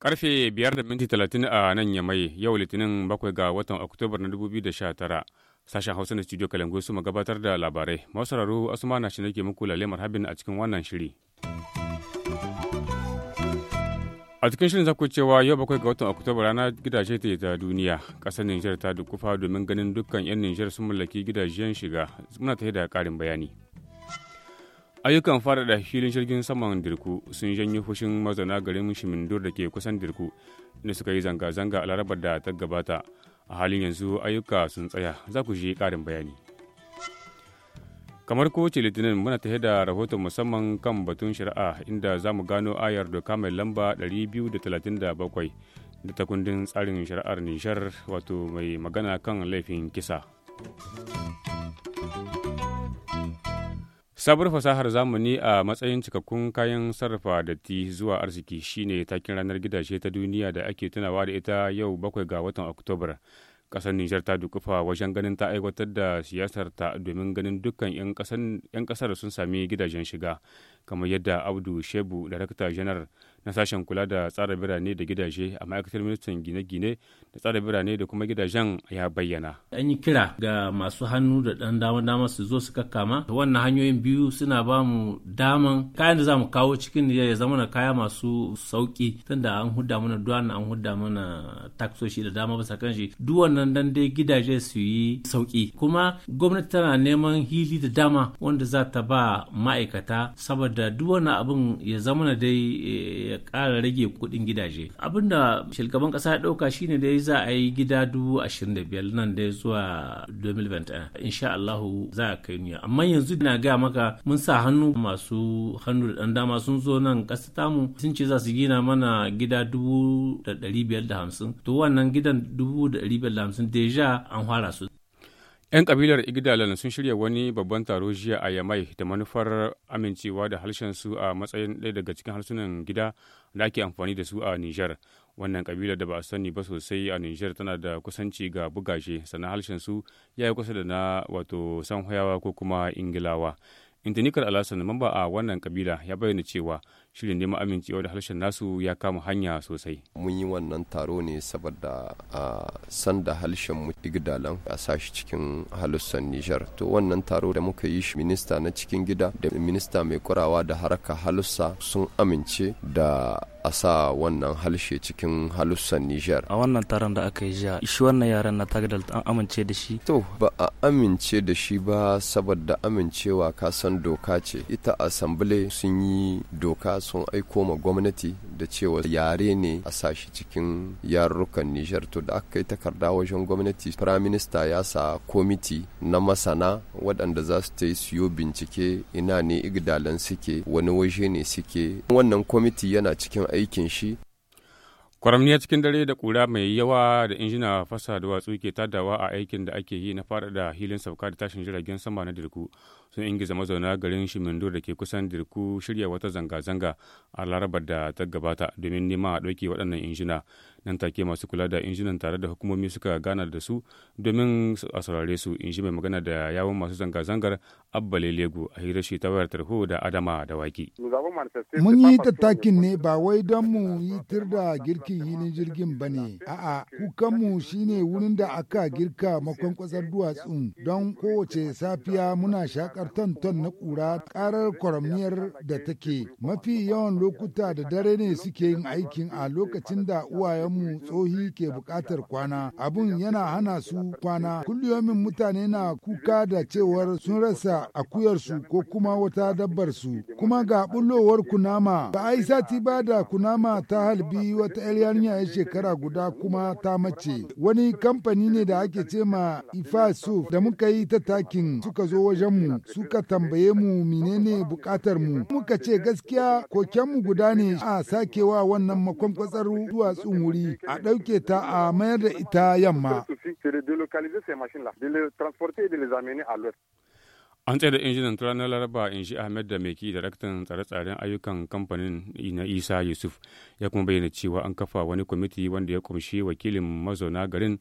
Karfe biyar da minti talatin a nan Yamai yau Litinin bakwai ga watan Oktoba na tara Sashen Hausa na Studio Kalangu su gabatar da labarai. Masu sauraro Asuma na shi nake muku lalemar habin a cikin wannan shiri. a cikin shirin zaku cewa yau bakwai ga watan oktoba rana gidaje ta ta duniya ƙasar nijar ta dukufa domin ganin dukkan 'yan nijar sun mallaki gidajen shiga muna ta da karin bayani ayyukan faɗaɗa filin jirgin saman dirku sun janyo fushin mazauna garin shimindur da ke kusan dirku da suka yi zanga-zanga a larabar da ta gabata a halin yanzu ayyuka sun tsaya za ku ji karin bayani kamar kowace litinin muna ta da rahoton musamman kan batun shari'a inda za mu gano ayar doka mai lamba 237 da ta kundin tsarin shari'ar nishar wato mai magana kan laifin kisa sabuwar fasahar zamani a matsayin cikakkun kayan sarrafa da datti zuwa arziki shine takin ranar gidaje ta duniya da ake tunawa da ita yau bakwai ga watan oktobar kasar Nijar ta dukufa wajen ganin ta aiwatar da siyasar ta domin ganin dukkan 'yan kasar sun sami gidajen shiga. kamar yadda abdu shebu darakta janar na sashen kula da tsara birane da gidaje a ma'aikatar ministan gine-gine da tsara birane da kuma gidajen ya bayyana an yi kira ga masu hannu da dan dama dama su zo su kakkama wannan hanyoyin biyu suna ba mu daman kayan da za mu kawo cikin ya zama na kaya masu sauki tunda an hudda mana duwan an hudda mana taksoshi da dama bisa kan shi duk wannan dan dai gidaje su yi sauki kuma gwamnati tana neman hili da dama wanda za ta ba ma'aikata saboda da duk wani abin ya zama na dai eh, ya kara rage kudin gidaje abin da shugaban kasa ya dauka shine dai za a yi gida dubu ashirin da biyar nan dai zuwa 2021 insha Allahu za a kai niyya amma yanzu na gaya maka mun sa hannu masu hannu da dan dama sun zo nan kasa tamu sun ce za su gina mana gida dubu da dari biyar da hamsin to wannan gidan dubu da dari biyar da hamsin deja an fara su 'Yan kabilar Igdalan sun shirya wani babban taro jiya a Yamai da manufar amincewa da harshen su a matsayin ɗaya daga cikin harsunan gida da ake amfani da su a Niger. Wannan kabilar da ba a sani ba sosai a Niger tana da kusanci ga bugashe sannan harshen su ya yi kusa da na wato sanhoyawa ko kuma Ingilawa. Intanikar Alasan mamba a wannan kabila ya bayyana cewa shirin neman amincewa da harshen nasu ya kama hanya sosai. Mun yi wannan taro ne saboda a sanda harshen mu Igdalan a sashi cikin halussan Nijar. To wannan taro da muka yi shi minista na cikin gida da minista mai kurawa da haraka halussa sun amince da a sa wannan halshe cikin halussan Nijar. A wannan taron da aka yi jiya, shi wannan yaran na Tagdal an amince da shi? To, ba a amince da shi ba saboda amincewa ka san doka ce. Ita asambile sun yi doka sun aiko ma gwamnati da cewa yare ne a sashi cikin yarurrukan Nijar to da aka yi takarda wajen gwamnati Prime Minister ya sa komiti na masana waɗanda za su yi siyo bincike ina ne igdalan suke wani waje ne suke wannan komiti yana cikin aikin shi kwaramniya cikin dare da kura mai yawa da injina fasa da watsu ke tadawa a aikin da ake yi na faɗaɗa hilin sauka da tashin jiragen sama na dirku sun ingiza mazauna garin shimindu da ke kusan dirku shirya wata zanga-zanga a larabar da ta gabata domin nema a ɗauke waɗannan injina nan take masu kula da injinan tare da hukumomi suka gana da su domin a saurare su in ji mai magana da yawon masu zanga-zangar abba lego a hira shi ta wayar tarho da adama da waki mun yi tattakin ne ba wai don mu yi tir da girkin hilin jirgin ba ne a'a kukanmu shine wurin da aka girka makon kwasar duwatsun don kowace safiya muna shaƙa shakar ton-ton na ƙura ƙarar kwaramiyar da take mafi yawan lokuta da dare ne suke yin aikin a lokacin da uwayenmu tsohi ke buƙatar kwana abun yana hana su kwana kulliyomin mutane na kuka da cewar sun rasa akuyarsu ko kuma wata dabbar su kuma ga bullowar kunama ba yi sati ba da kunama ta halbi wata yar yarinya ya shekara guda kuma ta mace wani kamfani ne da ake ce ma ifa da muka yi ta takin suka zo wajenmu suka tambaye mu menene bukatar mu muka ce gaskiya koken mu guda ne a sakewa wannan makwankwasar duwatsun wuri a ɗauke ta a mayar da ita yamma an tsaye da injinan ranar laraba in shi ahmed da meki daraktan tsare-tsaren ayyukan kamfanin na isa yusuf ya kuma bayyana cewa an kafa wani kwamiti wanda ya kumshi wakilin mazauna garin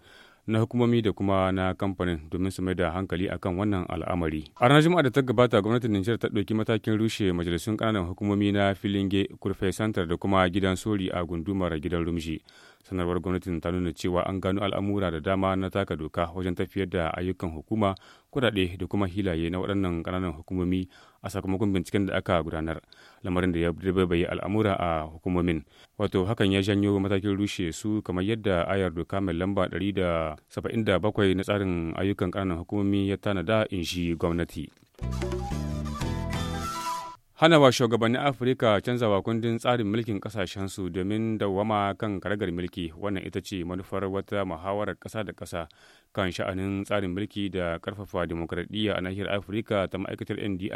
na hukumomi da kuma na kamfanin domin su mai da hankali akan wannan al'amari. A ranar Juma'a da ta gabata gwamnatin Nijar ta ɗauki matakin rushe majalisun ƙananan hukumomi na Filinge, Kurfe Santar da kuma gidan Sori a gundumar gidan Rumshi. sanarwar gwamnatin ta nuna cewa an gano al'amura da dama na taka doka wajen tafiyar da ayyukan hukuma kudade da kuma hilaye na waɗannan ƙananan hukumomi a sakamakon binciken da aka gudanar lamarin da ya dabaibaye al'amura a hukumomin wato hakan ya janyo matakin rushe su kamar yadda ayar doka mai lamba 177 na tsarin ayyukan ƙananan hukumomi ya tanada in shi gwamnati. hana wa shugabannin afirka canzawa kundin tsarin mulkin kasashensu domin dawwama kan karagar mulki wannan ita ce manufar wata muhawarar kasa da kasa kan sha'anin tsarin mulki da karfafa demokradiyya a nahiyar afirka ta ma'aikatar ndi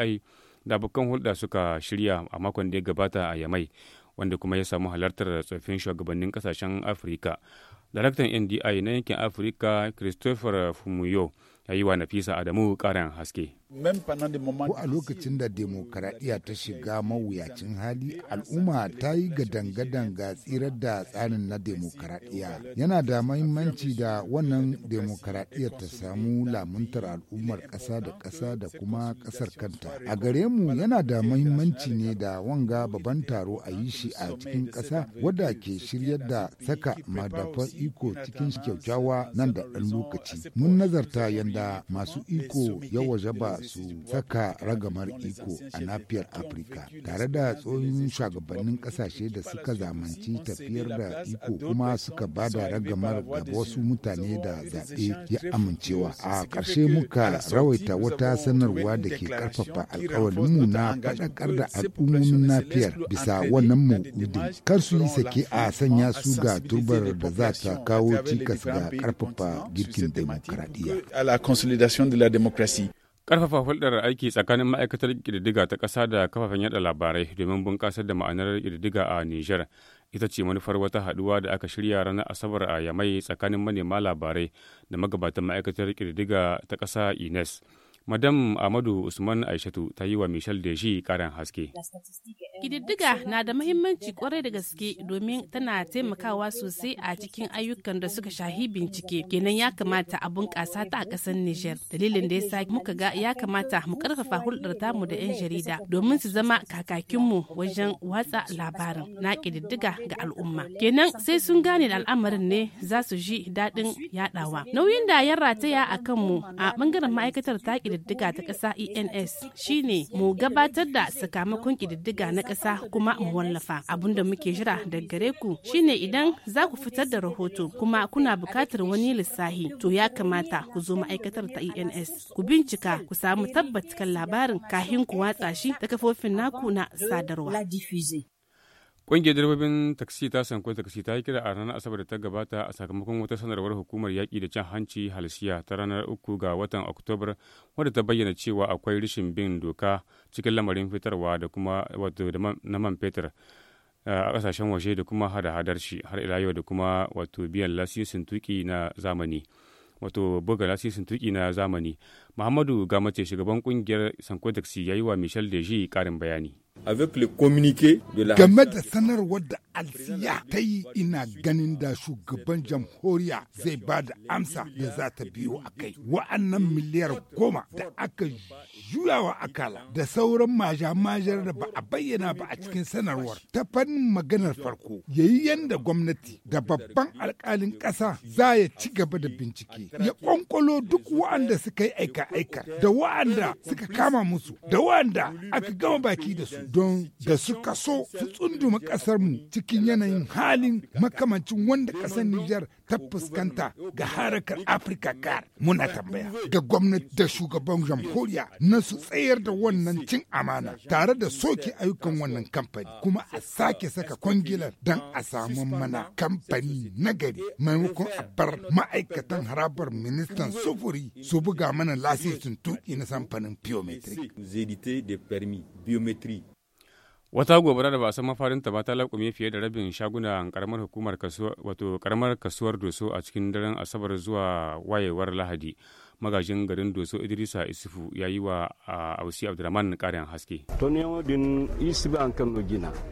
da hulɗa suka shirya a makon da ya gabata a yamai wanda kuma ya samu halartar tsoffin shugabannin kasashen afirka daraktan ndi na yankin afirka christopher fumuyo ya yi wa nafisa adamu ƙarin haske Ko a lokacin da demokaradiyya ta shiga mawuyacin hali al'umma ta yi gadangadan ga tsirar da tsarin na demokaradiyya. Yana da mahimmanci da wannan demokaradiyya ta samu lamuntar al'ummar ƙasa da ƙasa da kuma ƙasar kanta. A gare mu yana da mahimmanci ne da wanga babban taro a yi shi a cikin ƙasa wadda ke shirya da saka madafar iko cikin kyaukyawa nan da ɗan lokaci. Mun nazarta yadda masu iko ya waje ba su saka ragamar iko a nafiyar afirka tare da tsohon shugabannin kasashe da suka zamanci tafiyar da iko kuma suka ba da ragamar ga wasu mutane da zaɓe ya amincewa a ƙarshe muka rawaita wata sanarwa da ke ƙarfafa alkawalinmu na faɗakar da al'ummomin nafiyar bisa wannan ma'udin kar su yi sake a sanya su ga turbar da za ta kawo cikas ga ƙarfafa girkin demokradiyya. Ƙarfafa hulɗar aiki tsakanin ma'aikatar ƙididdiga ta ƙasa da kafafen yada labarai domin bunƙasar da ma'anar ƙididdiga a Nijar ita ce manufar wata haɗuwa da aka shirya ranar Asabar a Yamai tsakanin manema labarai da magabatan ma'aikatar ƙididdiga ta ƙasa Ines. Madam Amadu Usman Aishatu ta yi wa Michel Deji karin haske. Kididdiga na da mahimmanci kwarai da gaske domin tana taimakawa sosai a cikin ayyukan da suka shahi bincike. Kenan ya kamata a bunƙasa ta a ƙasar Nijar. Dalilin da ya sa muka ga ya kamata mu ƙarfafa hulɗar tamu da 'yan jarida domin su zama kakakinmu wajen watsa labarin na kididdiga ga al'umma. Kenan sai sun gane da al'amarin ne za su ji daɗin yaɗawa. Nauyin da ya rataya a kanmu a ɓangaren ma'aikatar ta kididdiga ta ƙasa ens shine mu gabatar da sakamakon ƙididdiga na ƙasa kuma mu wallafa abun da muke jira daga gare ku shine idan za ku fitar da rahoto kuma kuna buƙatar wani lissahi to ya kamata ku zo ma'aikatar ta ens ku bincika ku samu tabbatakan labarin kahin ku watsa shi ta kafofin naku na sadarwa Ƙungiyar direbobin taksi ta sanko taksi ta yi kira a ranar Asabar da ta gabata a sakamakon wata sanarwar hukumar yaƙi da cin hanci halisiya ta ranar uku ga watan Oktobar wadda ta bayyana cewa akwai rashin bin doka cikin lamarin fitarwa da kuma wato na man fetur eh, a ƙasashen waje da kuma hada-hadar shi har ila yau da kuma wato biyan lasisin tuki na zamani. wato buga lasisin tuki na zamani muhammadu gamace shugaban kungiyar taksi ya yi wa michel deji karin bayani game da sanarwar da alsiya ta yi ina ganin da shugaban jamhuriya zai ba da amsa da za ta biyo a kai wa'annan miliyar goma da aka juyawa akala da sauran maja-majar da ba a bayyana ba a cikin sanarwar ta fannin maganar farko yayi yadda gwamnati da babban alkalin ƙasa za ya ci gaba da bincike ya kwankwalo duk wa'anda suka yi aika-aika da wa'anda suka kama musu da wa'anda aka gama baki da su don da suka so su tsunduma mu cikin yanayin halin makamancin wanda kasar Nijar ta fuskanta ga harakar Afirka kar muna tambaya ga gwamnati da shugaban jamhuriya na su tsayar da wannan cin amana tare da soke ayyukan wannan kamfani kuma a sake saka kwangilar don a samu mana kamfani na gari maimakon a bar ma'aikatan harabar ministan sufuri su buga mana lasisin tuki na samfanin biometric. wata gobara da ba san ta ba ta laƙume fiye da rabin shagunan karamar hukumar kasuwar wato karamar kasuwar doso a cikin daren asabar zuwa wayewar lahadi magajin garin doso idrisa isufu ya yi wa ausi abdulrahman karin haske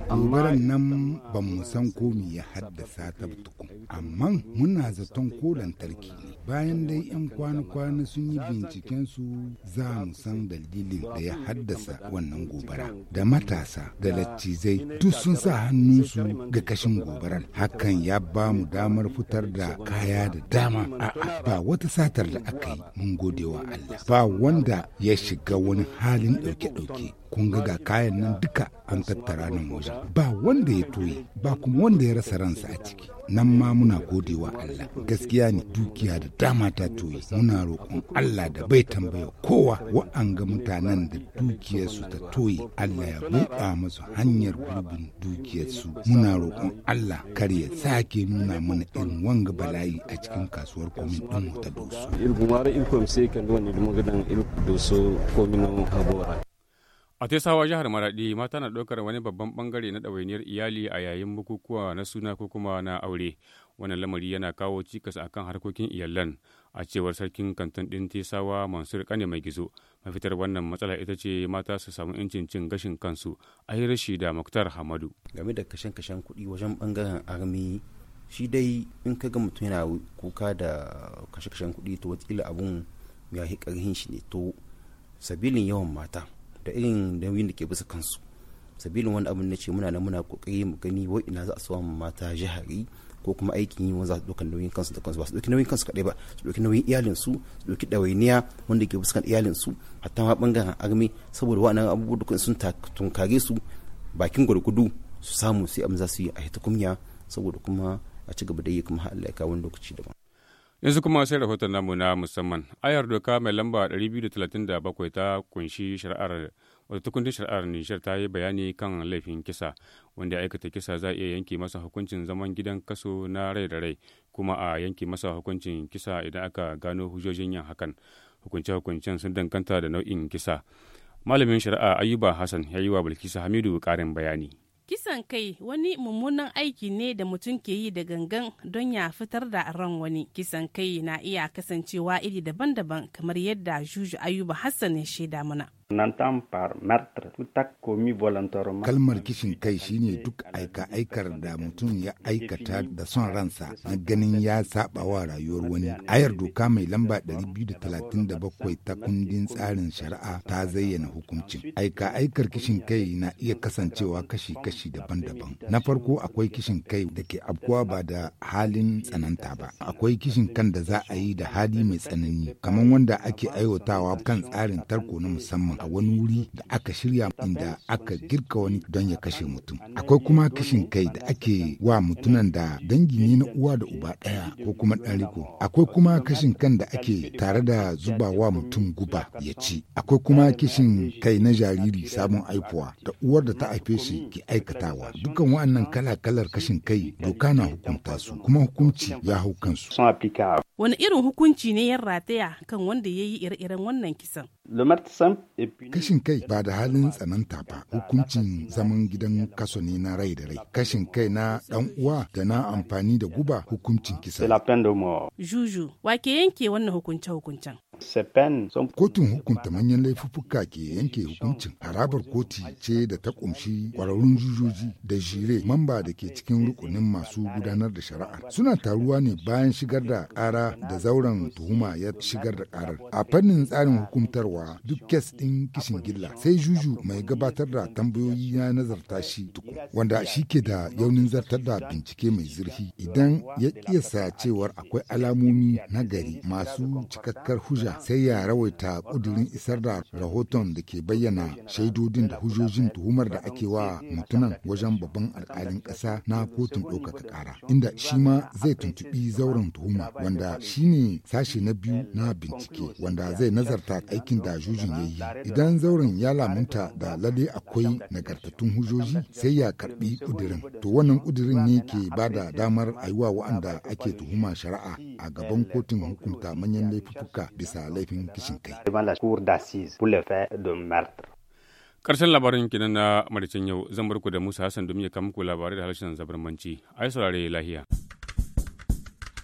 gobarar nan ba mu san komi ya haddasa ta tukun amma muna zaton ko lantarki ne bayan dai 'yan kwana-kwana sun yi binciken su za mu san dalilin da ya haddasa wannan gobara da matasa da lattizai duk sun sa hannunsu ga kashin gobarar hakan ya ba mu damar fitar da kaya da dama a'a ba wata satar da aka yi mun gode wa Allah ba wanda ya shiga wani halin dauke-dauke. kun ga ga kayan nan duka an tattara nan waje ba wanda ya toye ba kuma wanda ya rasa ransa a ciki nan ma muna godewa Allah gaskiya ne dukiya da dama ta toye muna roƙon Allah da bai tambaya kowa ga mutanen da dukiyarsu ta toye Allah ya buɗa masu hanyar gurbin dukiyarsu muna roƙon Allah kar ya sake nuna mana irin wanga bala'i a cikin kasuwar komin ɗin mu ta doso. Ilgumar ilkom sai kan wani ilmugadan ilkom doso kominan habora. A Tesawa jihar Maraɗi mata na ɗaukar wani babban ɓangare na ɗawainiyar iyali a yayin bukukuwa na suna ko kuma na aure. Wannan lamari yana kawo cikas a kan harkokin iyalan a cewar sarkin kantin ɗin Tesawa Mansur Kane mai gizo. Mafitar wannan matsala ita ce mata su samu incin cin gashin kansu a yi rashi da Muktar Hamadu. Game da kashen-kashen kuɗi wajen ɓangaren armi shi dai in ka ga mutum yana kuka da kashe-kashen kuɗi to watakila abun ya hi ƙarhin shi ne to sabilin yawan mata. da irin nauyin da ke bisa kansu sabilin wani abin na ce muna nan muna kokari mu gani wai ina za a samu mata jihari ko kuma aikin yi wanda za su ɗauka nauyin kansu da kansu ba su dauki nauyin kansu kadai ba su dauki nauyin iyalin su su dauki ɗawainiya wanda ke fuskan iyalin su hatta ma bangaren armi saboda wa'annan abubuwa dukkan sun tunkare su bakin gurgudu su samu sai abin za su yi a hita kumya saboda kuma a ci gaba da yi kuma Allah ya kawo lokaci daban yanzu kuma sai rahoton namu na musamman ayar doka mai lamba 237 ta kunshi shari'ar wata tukuntun shari'ar nishar ta yi bayani kan laifin kisa wanda ya aikata kisa za a iya yanke masa hukuncin zaman gidan kaso na rai da rai kuma a yanke masa hukuncin kisa idan aka gano hujjojin yin hakan hukunce-hukuncen sun danganta da nau'in kisa malamin shari'a ayuba hassan ya yi wa bilkisu hamidu karin bayani Kisan kai wani mummunan aiki ne da mutum ke yi da gangan don ya fitar da ran wani. Kisan kai na iya kasancewa iri daban-daban kamar yadda Juju Ayuba Hassan ya shaida mana. Kalmar kishin kai shine duk aika-aikar da mutum ya aikata da son ransa na ganin ya saba wa rayuwar wani. Ayar doka mai lamba 237 ta kundin tsarin shari'a ta zayyana hukuncin. Aika-aikar kishin kai na iya kasancewa kashi-kashi daban-daban. Na farko akwai kishin kai da ke afkuwa ba da halin tsananta ba. Akwai kishin kan da za a yi da hali mai tsanani, kamar wanda ake aiwatawa kan tsarin tarko na musamman. a wani wuri da aka shirya inda aka girka wani don ya kashe mutum akwai kuma kashin kai da ake wa mutunan da dangi ne na uwa da uba ɗaya ko kuma ɗan riko akwai kuma kashin kan da ake tare da zuba wa mutum guba ya ci akwai kuma kishin kai na jariri sabon aifuwa da uwar da ta haife shi ke aikatawa dukkan wa'annan kala-kalar kashin kai doka na hukunta su kuma hukunci ya hau kansu wani irin hukunci ne ya rataya kan wanda ya yi ire-iren wannan kisan kashin kai ba da halin tsananta ba hukuncin zaman gidan kaso ne na rai da rai kashin kai na dan uwa da na amfani da guba hukuncin kisa juju wa yanke wannan hukunce-hukuncen sepen Kotun hukunta manyan laifuffuka ke yanke hukuncin harabar koti ce da ta kumshi kwararrun jujoji da jire mamba da ke cikin rukunin masu gudanar da shari'a. Suna taruwa ne bayan shigar da kara da zauren tuhuma ya shigar da karar A fannin tsarin hukumtarwa, duk kes din kishin gilla sai juju mai gabatar da tambayoyi ya nazarta shi tukun wanda shi ke da yaunin zartar da bincike mai zurfi idan ya kiyasa cewar akwai alamomi na gari masu cikakkar hujja sai ya rawaita ƙudirin isar da rahoton da ke bayyana shaidodin da hujojin tuhumar da ake wa mutunan wajen babban alkalin ƙasa na kotun ɗaukaka ƙara inda shi ma zai tuntuɓi zauren tuhuma wanda shi ne sashe na biyu na bincike wanda zai nazarta aikin da jujin ya yi idan zauren ya lamunta da lalle akwai nagartattun hujoji sai ya karɓi ƙudirin. to wannan ƙudirin ne ke ba da damar a yi wa'anda ake tuhuma shari'a a gaban kotun hukunta manyan laifuka bisa da laifin kishin kai. Ƙarshen labarin kenan na maricin yau zan barku da Musa Hassan domin ya kama muku labarai da harshen zabarmanci. Ai saurare lahiya.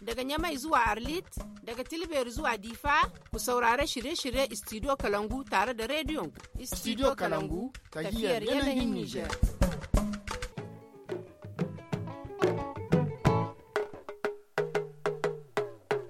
Daga Nyamai zuwa Arlit, daga Tilber zuwa Difa, ku saurare shirye-shirye Istidiyo Kalangu tare da rediyon Istidiyo Kalangu, tafiyar yanayin Nijar.